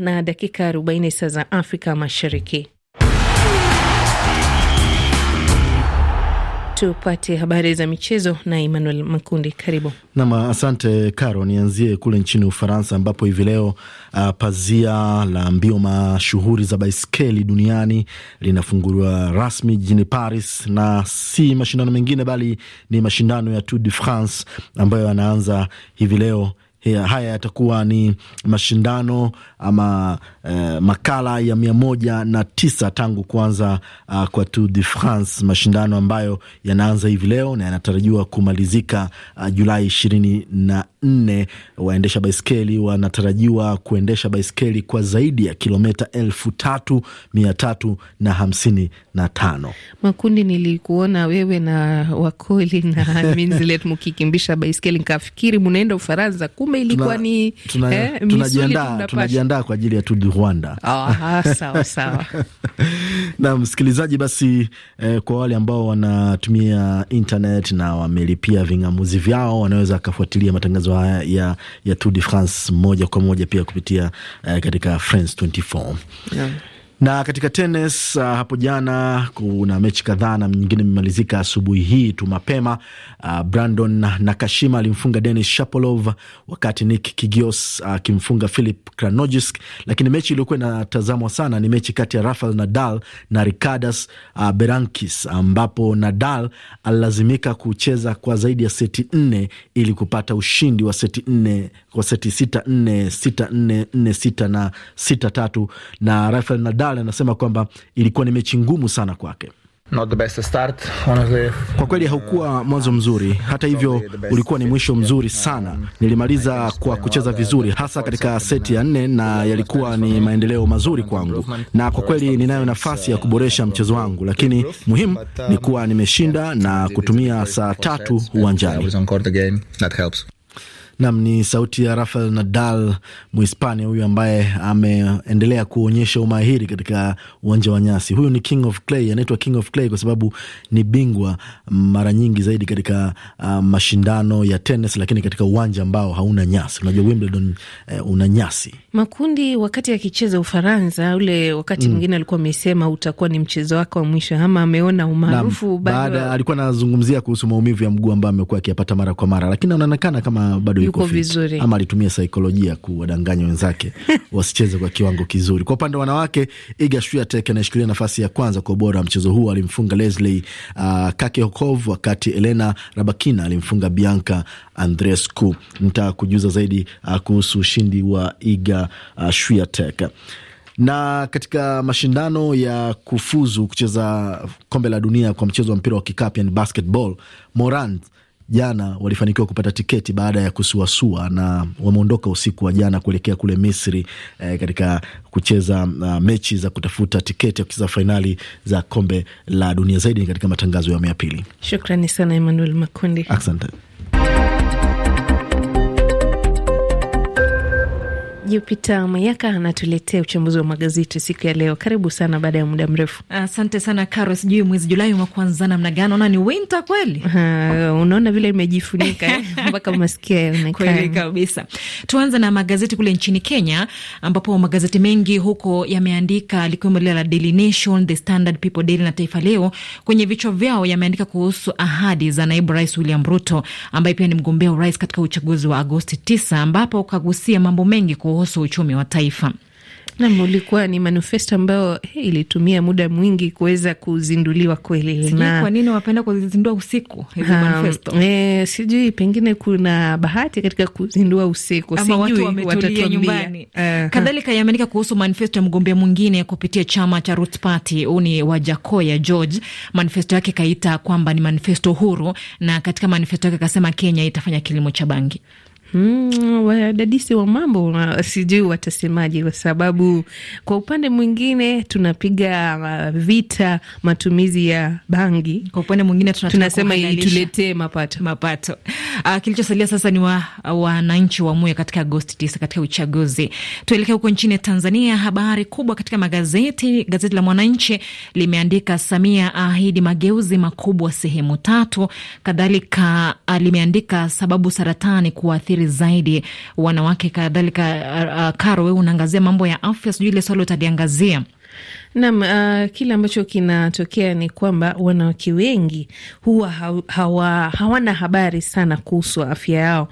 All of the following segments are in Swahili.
na dakika 40 saa za Afrika Mashariki. Tupate habari za michezo na Emmanuel Makundi. Karibu nam. Asante Caro, nianzie kule nchini Ufaransa ambapo hivi leo uh, pazia la mbio mashuhuri za baiskeli duniani linafunguliwa rasmi jijini Paris, na si mashindano mengine bali ni mashindano ya Tour de France ambayo yanaanza hivi leo. haya yatakuwa ni mashindano ama eh, makala ya mia moja na tisa tangu kuanza uh, kwa Tour de France, mashindano ambayo yanaanza hivi leo na yanatarajiwa kumalizika uh, Julai ishirini na nne. Waendesha baiskeli wanatarajiwa kuendesha baiskeli kwa zaidi ya kilometa elfu tatu mia tatu na hamsini na tano. Makundi, nilikuona wewe na Wakoli na Minzilet mkikimbisha baiskeli nikafikiri munaenda Ufaransa, kumbe ilikuwa ni eh, tunajiandaa kujiandaa kwa ajili ya Tour du Rwanda. Ah, ah, sawa sawa. Na msikilizaji, basi eh, kwa wale ambao wanatumia internet na wamelipia ving'amuzi vyao wanaweza wakafuatilia matangazo haya ya, ya Tour de France moja kwa moja pia kupitia eh, katika France 24 yeah. Na katika tenis uh, hapo jana kuna mechi kadhaa na nyingine imemalizika asubuhi hii tu mapema. Uh, Brandon Nakashima alimfunga Denis Shapovalov wakati Nick Kyrgios akimfunga uh, Philip Kranojis, lakini mechi iliyokuwa inatazamwa sana ni mechi kati ya Rafael Nadal na Ricardas uh, Berankis ambapo Nadal alilazimika kucheza kwa zaidi ya seti nne ili kupata ushindi wa seti nne kwa seti sita nne sita nne nne sita na sita tatu na Rafael Nadal Bale anasema kwamba ilikuwa ni mechi ngumu sana kwake. Not the best start, Kwa kweli haukuwa mwanzo mzuri, hata hivyo ulikuwa ni mwisho mzuri sana. Nilimaliza kwa kucheza vizuri, hasa katika seti ya nne, na yalikuwa ni maendeleo mazuri kwangu, na kwa kweli ninayo nafasi ya kuboresha mchezo wangu, lakini muhimu ni kuwa nimeshinda na kutumia saa tatu uwanjani. Nam ni sauti ya Rafael Nadal, muhispania huyu ambaye ameendelea kuonyesha umahiri katika uwanja wa nyasi. Huyu ni King of Clay, anaitwa King of Clay kwa sababu ni bingwa mara nyingi zaidi katika uh, mashindano ya tenis, lakini katika uwanja ambao hauna nyasi. Unajua Wimbledon eh, una nyasi makundi wakati akicheza Ufaransa ule wakati mm. mwingine mm. alikuwa amesema utakuwa ni mchezo wake wa mwisho, ama ameona umaarufu baada. wa... Alikuwa anazungumzia kuhusu maumivu ya mguu ambayo amekuwa akiyapata mara kwa mara, lakini anaonekana kama bado yuko vizuri, ama alitumia saikolojia kuwadanganya wenzake wasicheze kwa kiwango kizuri. Kwa upande wa wanawake, Iga Swiatek anashikilia nafasi ya kwanza kwa ubora wa mchezo huu alimfunga Leslie uh, Kakehokov, wakati Elena Rabakina alimfunga Bianca Andreescu. Nitakujuza zaidi uh, kuhusu ushindi wa Iga uh, ShuyATech na katika mashindano ya kufuzu kucheza kombe la dunia kwa mchezo wa mpira wa kikapu yani basketball, Morant jana walifanikiwa kupata tiketi baada ya kusuasua, na wameondoka usiku wa jana kuelekea kule Misri eh, katika kucheza uh, mechi za kutafuta tiketi ya kucheza fainali za kombe la dunia. Zaidi ni katika matangazo ya mea pili. Shukrani sana Emmanuel Makundi, asante. Jupita Mayaka anatuletea uchambuzi wa magazeti siku ya leo. Karibu sana baada ya muda mrefu. Asante sana Caro. sijui mwezi Julai umekuanza namna gani? Unaona ni winter kweli. Uh, unaona vile imejifunika eh? mpaka masikio yaonekana kabisa. Tuanze na magazeti kule nchini Kenya, ambapo magazeti mengi huko yameandika likiwemo lile la Daily Nation, The Standard, People Daily na Taifa Leo. Kwenye vichwa vyao yameandika kuhusu ahadi za naibu rais William Ruto ambaye pia ni mgombea urais katika uchaguzi wa Agosti 9 ambapo kagusia mambo mengi kuhusu kuhusu uchumi wa taifa. Nam, ulikuwa ni manifesto ambayo ilitumia muda mwingi kuweza kuzinduliwa kweli. kwa nini wapenda kuzindua usiku hizo manifesto. E, sijui pengine kuna bahati katika kuzindua usiku, sijui nyumbani. Uh, kadhalika eh. yameandika kuhusu manifesto ya mgombea mwingine kupitia chama cha Roots Party, huu ni wa Jakoya George. Manifesto yake kaita kwamba ni manifesto huru, na katika manifesto yake akasema Kenya itafanya kilimo cha bangi. Mm, wadadisi wa mambo uh, sijui watasemaje, kwa sababu kwa upande mwingine tunapiga uh, vita matumizi ya bangi, kwa upande mwingine tunasema ituletee mapato mapato. Uh, kilichosalia sasa ni uh, wananchi wa, wamue katika Agosti tisa katika uchaguzi. Tuelekea huko nchini Tanzania. Habari kubwa katika magazeti, gazeti la Mwananchi limeandika Samia ahidi mageuzi makubwa sehemu tatu, kadhalika limeandika sababu saratani kuathiri vizuri zaidi wanawake kadhalika. Uh, uh, Karo, wewe unaangazia mambo ya afya, sijui ile swali utaliangazia. nam uh, kile ambacho kinatokea ni kwamba wanawake wengi huwa hawana hawa habari sana kuhusu afya yao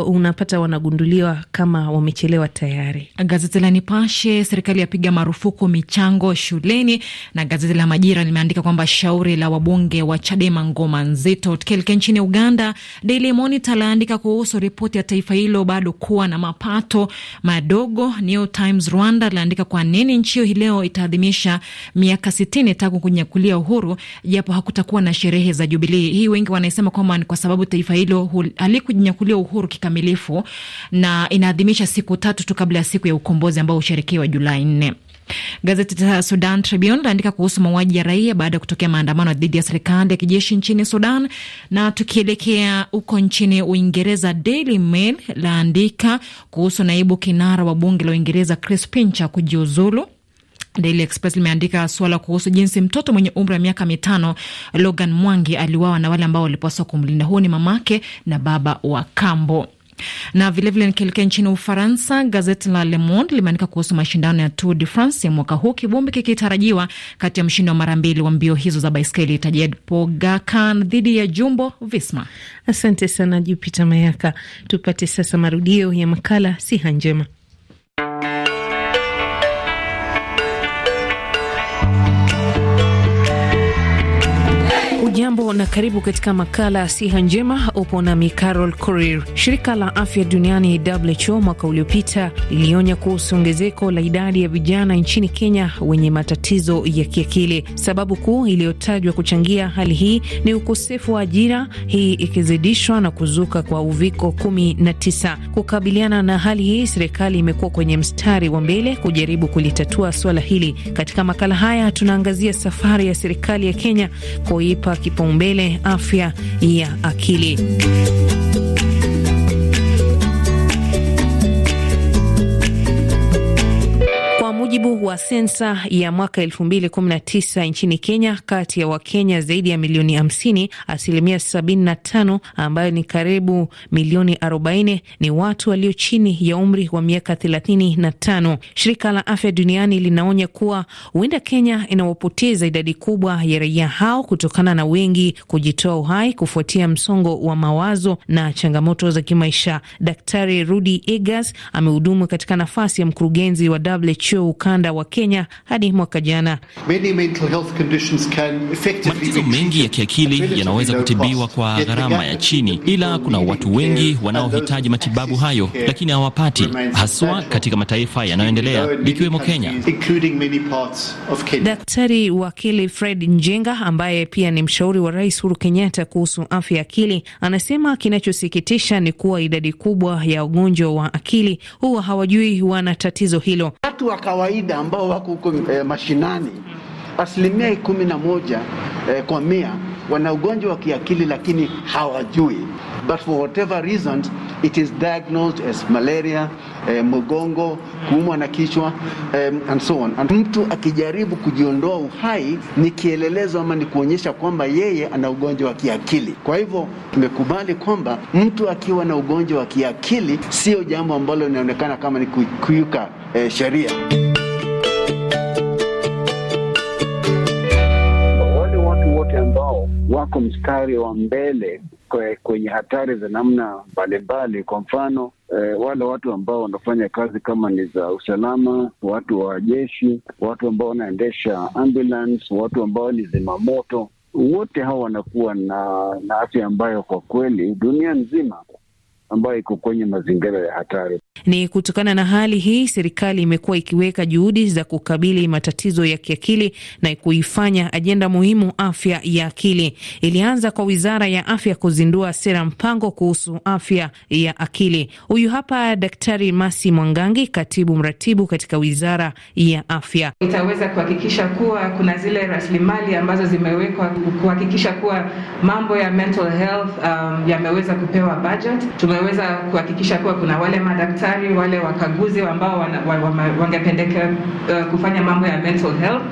unapata wanagunduliwa kama wamechelewa tayari. Gazeti la Nipashe, serikali yapiga marufuku michango shuleni, na gazeti la Majira limeandika kwamba shauri la wabunge wa Chadema ngoma nzito. Tukielekea nchini Uganda, Daily Monitor laandika kuhusu ripoti ya taifa hilo bado kuwa na mapato madogo. New Times Rwanda laandika kwa nini nchi hiyo leo itaadhimisha miaka sitini tangu kunyakulia uhuru, japo hakutakuwa na sherehe za Jubilii. Hii wengi wanasema kwamba ni kwa sababu taifa hilo halikunyakulia uhuru kikamilifu na inaadhimisha siku tatu tu kabla ya siku ya ukombozi ambao husherekewa Julai nne. Gazeti la Sudan Tribune laandika kuhusu mauaji ya raia baada ya kutokea maandamano dhidi ya serikali ya kijeshi nchini Sudan. Na tukielekea huko nchini Uingereza, Daily Mail laandika kuhusu naibu kinara wa bunge la Uingereza Chris Pincher kujiuzulu. Daily Express limeandika suala kuhusu jinsi mtoto mwenye umri wa miaka mitano Logan Mwangi aliuawa na wale ambao walipaswa kumlinda. Huo ni mamake na baba wa kambo na vilevile nikielekea nchini Ufaransa, gazeti la Le Monde limeandika kuhusu mashindano ya Tour de France ya mwaka huu, kibumbi kikitarajiwa kati ya mshindi wa mara mbili wa mbio hizo za baiskeli Tadej Pogacar dhidi ya Jumbo Visma. Asante sana Jupiter Mayaka. Tupate sasa marudio ya makala siha njema. Hujambo na karibu katika makala ya siha njema. Upo nami Carol Korir. Shirika la afya duniani WHO mwaka uliopita lilionya kuhusu ongezeko la idadi ya vijana nchini Kenya wenye matatizo ya kiakili. Sababu kuu iliyotajwa kuchangia hali hii ni ukosefu wa ajira, hii ikizidishwa na kuzuka kwa uviko 19. Kukabiliana na hali hii, serikali imekuwa kwenye mstari wa mbele kujaribu kulitatua swala hili. Katika makala haya tunaangazia safari ya serikali ya Kenya kuipa kipaumbele afya ya akili. mujibu wa sensa ya mwaka 2019 nchini Kenya, kati ya Wakenya zaidi ya milioni 50, asilimia 75 ambayo ni karibu milioni 40 ni watu walio chini ya umri wa miaka 35. Shirika la Afya Duniani linaonya kuwa huenda Kenya inawapoteza idadi kubwa ya raia hao kutokana na wengi kujitoa uhai kufuatia msongo wa mawazo na changamoto za kimaisha. Daktari Rudi Egas amehudumu katika nafasi ya mkurugenzi wa WHO ukanda wa Kenya hadi mwaka jana. Matatizo mengi ya kiakili yanaweza kutibiwa kwa gharama ya chini, ila kuna watu wengi wanaohitaji matibabu hayo lakini hawapati, haswa katika mataifa yanayoendelea likiwemo Kenya. Daktari wakili Fred Njenga ambaye pia ni mshauri wa Rais Uhuru Kenyatta kuhusu afya ya akili anasema kinachosikitisha ni kuwa idadi kubwa ya wagonjwa wa akili huwa hawajui wana tatizo hilo. Watu wa kawaida kawaida ambao wako huko e, mashinani asilimia kumi na moja e, kwa mia wana ugonjwa wa kiakili lakini hawajui, but for whatever reason it is diagnosed as malaria e, eh, mgongo, kuumwa na kichwa e, and so on. And mtu akijaribu kujiondoa uhai ni kielelezo ama ni kuonyesha kwamba yeye ana ugonjwa wa kiakili. Kwa hivyo tumekubali kwamba mtu akiwa na ugonjwa wa kiakili sio jambo ambalo linaonekana kama ni kukiuka e, sheria. wako mstari wa mbele kwenye hatari za namna mbalimbali. Kwa mfano e, wale watu ambao wanafanya kazi kama ni za usalama, watu wa jeshi, watu ambao wanaendesha ambulance, watu ambao ni zimamoto, wote hawa wanakuwa na, na afya ambayo kwa kweli dunia nzima ambayo iko kwenye mazingira ya hatari. Ni kutokana na hali hii, serikali imekuwa ikiweka juhudi za kukabili matatizo ya kiakili na kuifanya ajenda muhimu afya ya akili. Ilianza kwa wizara ya afya kuzindua sera mpango kuhusu afya ya akili. Huyu hapa Daktari Masi Mwangangi, katibu mratibu katika wizara ya afya. Itaweza kuhakikisha kuwa kuna zile rasilimali ambazo zimewekwa kuhakikisha kuwa mambo ya mental health um, yameweza kupewa budget. Tume tumeweza kuhakikisha kuwa kuna wale madaktari wale wakaguzi ambao wangependekea uh, kufanya mambo ya mental health,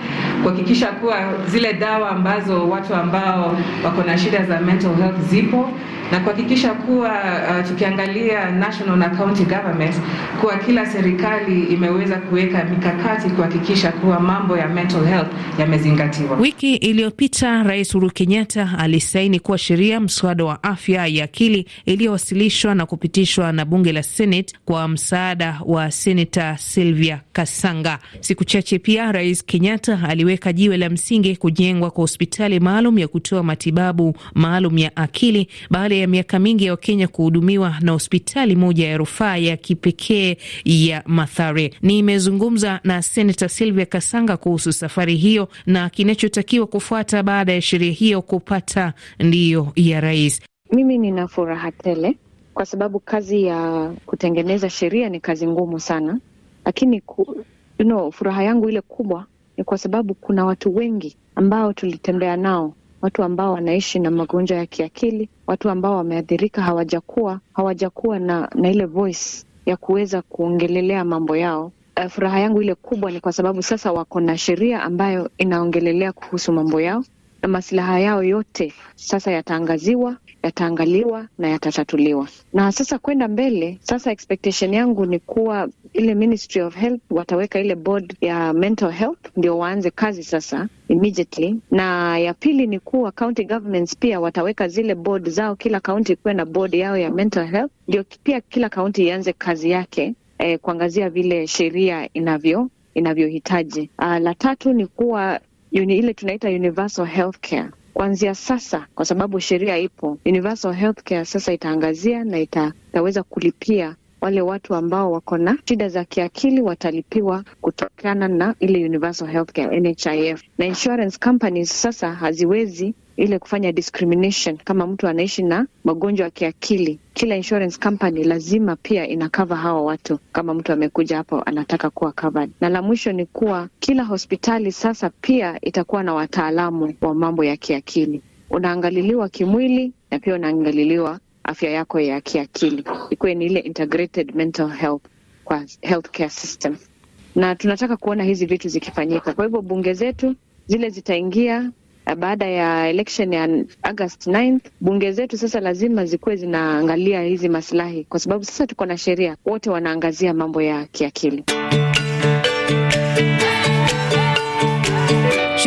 kuhakikisha kuwa zile dawa ambazo watu ambao wako na shida za mental health zipo na kuhakikisha kuwa uh, tukiangalia national na county governments, kuwa kila serikali imeweza kuweka mikakati kuhakikisha kuwa mambo ya mental health yamezingatiwa. Wiki iliyopita Rais Uhuru Kenyatta alisaini kuwa sheria mswada wa afya ya akili iliyowasilishwa na kupitishwa na bunge la Senate kwa msaada wa senata Sylvia Kasanga. Siku chache pia, Rais Kenyatta aliweka jiwe la msingi kujengwa kwa hospitali maalum ya kutoa matibabu maalum ya akili baada ya miaka mingi ya Wakenya kuhudumiwa na hospitali moja ya rufaa ya kipekee ya Mathare. Nimezungumza na senata Sylvia Kasanga kuhusu safari hiyo na kinachotakiwa kufuata baada ya sheria hiyo kupata ndiyo ya rais. Mimi nina furaha tele kwa sababu kazi ya kutengeneza sheria ni kazi ngumu sana, lakini ku, you know, furaha yangu ile kubwa ni kwa sababu kuna watu wengi ambao tulitembea nao, watu ambao wanaishi na magonjwa ya kiakili, watu ambao wameathirika, hawajakuwa hawajakuwa na, na ile voice ya kuweza kuongelelea mambo yao. Uh, furaha yangu ile kubwa ni kwa sababu sasa wako na sheria ambayo inaongelelea kuhusu mambo yao masilaha yao yote sasa yataangaziwa, yataangaliwa na yatatatuliwa. Na sasa kwenda mbele, sasa expectation yangu ni kuwa ile Ministry of Health wataweka ile board ya mental health ndio waanze kazi sasa immediately. Na ya pili ni kuwa county governments pia wataweka zile board zao, kila kaunti ikuwe na board yao ya mental health, ndio pia kila kaunti ianze kazi yake eh, kuangazia vile sheria inavyo inavyohitaji. Uh, la tatu ni kuwa yuni ile tunaita universal healthcare kuanzia sasa, kwa sababu sheria ipo, universal healthcare sasa itaangazia na ita, itaweza kulipia wale watu ambao wako na shida za kiakili watalipiwa kutokana na ile universal healthcare NHIF, na insurance companies sasa haziwezi ile kufanya discrimination kama mtu anaishi na magonjwa ya kiakili. Kila insurance company lazima pia ina hawa watu, kama mtu amekuja hapo anataka kuwa covered. Na la mwisho ni kuwa kila hospitali sasa pia itakuwa na wataalamu wa mambo ya kiakili. Unaangaliliwa kimwili na pia unaangaliliwa afya yako ya kiakili, ikuwe ni ile integrated mental health kwa healthcare system, na tunataka kuona hizi vitu zikifanyika. Kwa hivyo bunge zetu zile zitaingia eh, baada ya election ya agast 9 bunge zetu sasa lazima zikuwe zinaangalia hizi masilahi kwa sababu sasa tuko na sheria, wote wanaangazia mambo ya kiakili.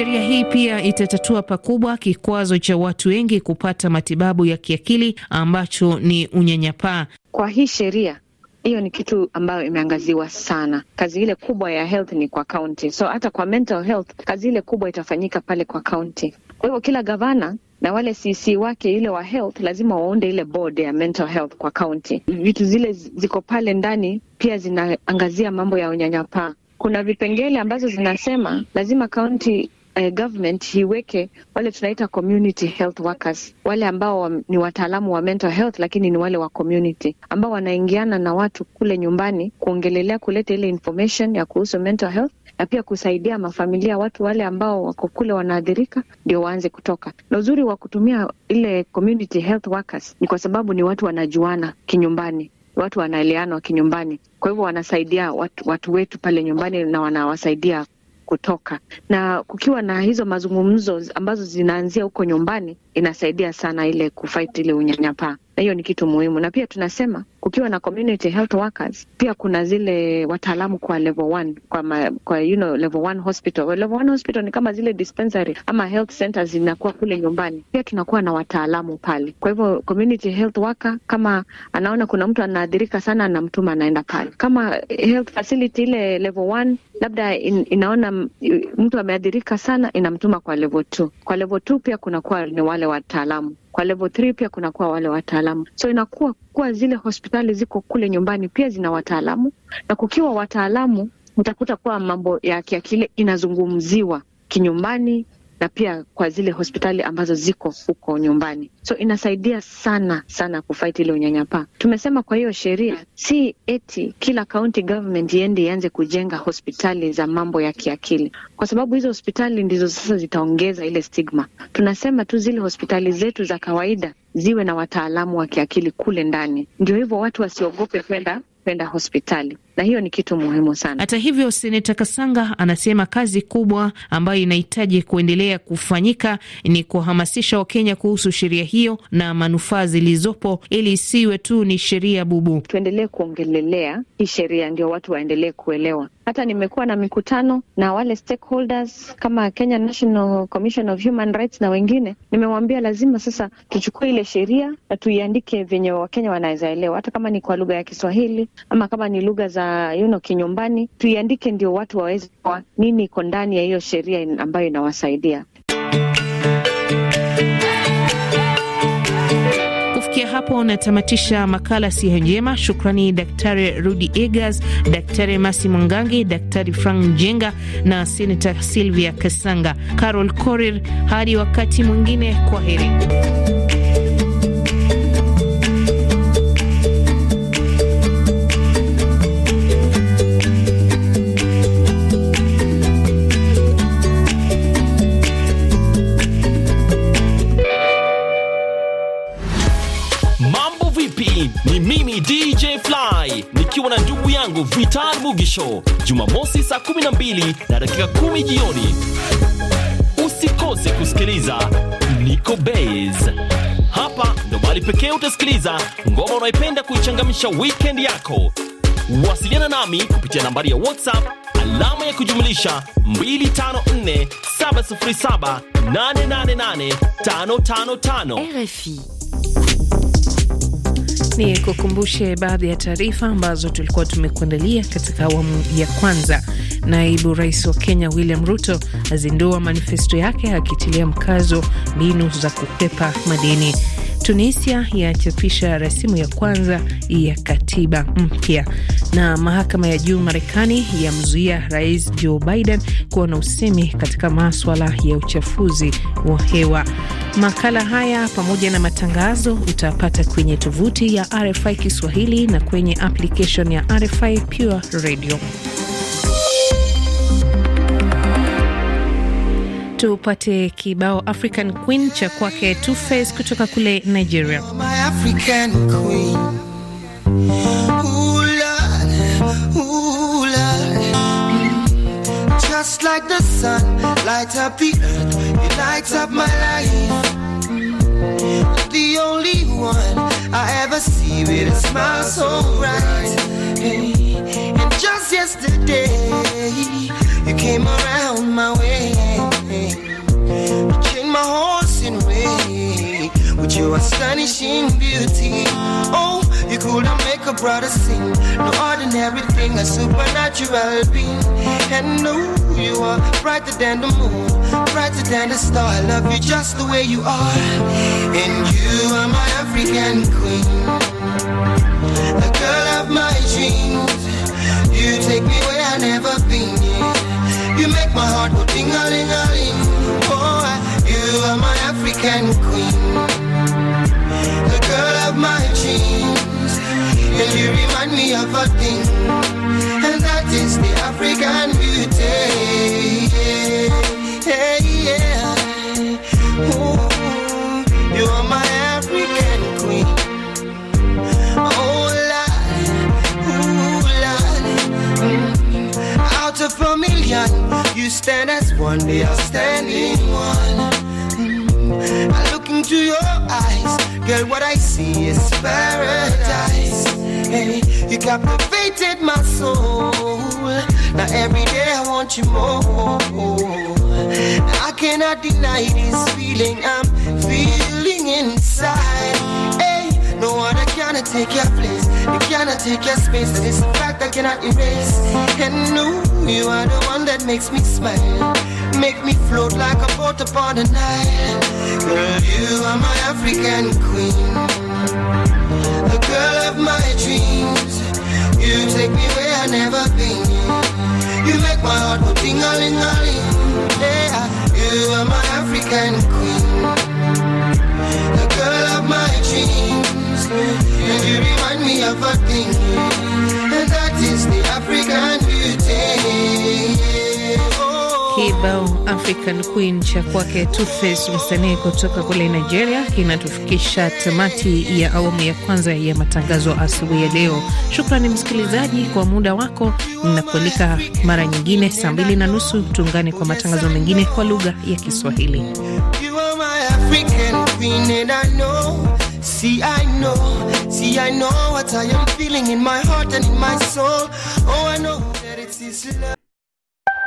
Sheria hii pia itatatua pakubwa kikwazo cha watu wengi kupata matibabu ya kiakili ambacho ni unyanyapaa. Kwa hii sheria hiyo ni kitu ambayo imeangaziwa sana. Kazi ile kubwa ya health ni kwa kaunti, so hata kwa mental health kazi ile kubwa itafanyika pale kwa kaunti. Kwa hivyo kila gavana na wale CC wake ile wa health lazima waunde ile board ya mental health kwa kaunti. Vitu zile ziko pale ndani pia zinaangazia mambo ya unyanyapaa. Kuna vipengele ambazo zinasema lazima kaunti eh, government iweke wale tunaita community health workers, wale ambao wa, ni wataalamu wa mental health, lakini ni wale wa community ambao wanaingiana na watu kule nyumbani kuongelelea, kuleta ile information ya kuhusu mental health na pia kusaidia mafamilia, watu wale ambao wako kule wanaathirika, ndio waanze kutoka. Na uzuri wa kutumia ile community health workers ni kwa sababu ni watu wanajuana kinyumbani watu wanaeleanwa kinyumbani, kwa hivyo wanasaidia watu, watu wetu pale nyumbani na wanawasaidia kutoka, na kukiwa na hizo mazungumzo ambazo zinaanzia huko nyumbani, inasaidia sana ile kufight ile unyanyapaa, na hiyo ni kitu muhimu. Na pia tunasema kukiwa na community health workers, pia kuna zile wataalamu kwa level one, kwa ma, kwa you know, level one hospital. Level one hospital ni kama zile dispensary ama health centers zinakuwa kule nyumbani, pia tunakuwa na wataalamu pale. Kwa hivyo community health worker kama anaona kuna mtu anaadhirika sana, anamtuma anaenda pale. Kama health facility ile level one labda in, inaona mtu ameadhirika sana, inamtuma kwa level two. Kwa level two pia kunakuwa ni wale wale wataalamu kwa level 3 pia kunakuwa wale wataalamu, so inakuwa kuwa zile hospitali ziko kule nyumbani pia zina wataalamu, na kukiwa wataalamu utakuta kuwa mambo ya kiakili inazungumziwa kinyumbani na pia kwa zile hospitali ambazo ziko huko nyumbani, so inasaidia sana sana kufight ile unyanyapaa. Tumesema kwa hiyo sheria si eti kila county government iende ianze kujenga hospitali za mambo ya kiakili, kwa sababu hizo hospitali ndizo sasa zitaongeza ile stigma. Tunasema tu zile hospitali zetu za kawaida ziwe na wataalamu wa kiakili kule ndani, ndio hivyo watu wasiogope kwenda kwenda hospitali na hiyo ni kitu muhimu sana. Hata hivyo, Seneta Kasanga anasema kazi kubwa ambayo inahitaji kuendelea kufanyika ni kuhamasisha Wakenya kuhusu sheria hiyo na manufaa zilizopo, ili isiwe tu ni sheria bubu. Tuendelee kuongelelea hii sheria, ndio watu waendelee kuelewa. Hata nimekuwa na mikutano na wale stakeholders kama Kenya National Commission of Human Rights na wengine, nimewambia lazima sasa tuchukue ile sheria na tuiandike vyenye Wakenya wanaweza elewa, hata kama ni kwa lugha ya Kiswahili ama kama ni lugha za za you know, kinyumbani, tuiandike ndio watu waweze nini iko ndani ya hiyo sheria ambayo inawasaidia. Kufikia hapo natamatisha makala siha njema. Shukrani Daktari Rudi Egas, Daktari Masi Mwangangi, Daktari Frank Jenga na Senata Silvia Kasanga, Carol Korir. Hadi wakati mwingine, kwa heri. wangu Vital Mugisho Jumamosi saa 12 na dakika 10 jioni. Usikose kusikiliza Niko bas Hapa ndo mahali pekee utasikiliza ngoma unaipenda kuichangamsha weekend yako. Wasiliana nami kupitia nambari ya WhatsApp alama ya kujumlisha 254 707 888 555 RFI. Ni kukumbushe baadhi ya taarifa ambazo tulikuwa tumekuandalia katika awamu ya kwanza. Naibu rais wa Kenya William Ruto azindua manifesto yake akitilia mkazo mbinu za kukwepa madeni. Tunisia yachapisha rasimu ya kwanza ya katiba mpya, na mahakama ya juu Marekani yamzuia rais Joe Biden kuwa na usemi katika maswala ya uchafuzi wa hewa. Makala haya pamoja na matangazo utapata kwenye tovuti ya RFI Kiswahili na kwenye application ya RFI Pure Radio. tupate kibao African Queen cha kwake Two Face kutoka kule Nigeria. Just like the sun, light up the earth, it lights up my life. The only one I ever see with a smile so bright. And just yesterday, you came around. ravishing beauty. Oh, you couldn't make a brother sing. No ordinary thing, a supernatural being. And no, you are brighter than the moon, brighter than the star. I love you just the way you are. And you are my African queen, the girl of my dreams. You take me where I've never been. Yeah. You make my heart go ding a ling a ling. Oh, you are my African me of a thing, and that is the African beauty. Yeah, yeah. Ooh, you are my African queen. Oh, Lord, ooh, Lord. Mm. Out of a million, you stand as one, the outstanding one. Mm. I look into your eyes, girl, what I see is paradise hey, you captivated my soul. Now every day I want you more. I cannot deny this feeling I'm feeling inside. Hey, no one I cannot take your place. You cannot take your space. It's a fact I cannot erase. And no, you are the one that makes me smile. Make me float like a boat upon the Nile. Girl, you are my African queen the girl of my dreams. You take me where I've never been. You make my heart go ting Yeah, you are my African queen. The girl of my dreams. And you remind me of a thing. kibao African Queen cha kwake Tuface, msanii kutoka kule Nigeria, kinatufikisha tamati ya awamu ya kwanza ya matangazo asubuhi ya leo. Shukrani msikilizaji kwa muda wako, ninakualika mara nyingine saa mbili na nusu tuungane kwa matangazo mengine kwa lugha ya Kiswahili.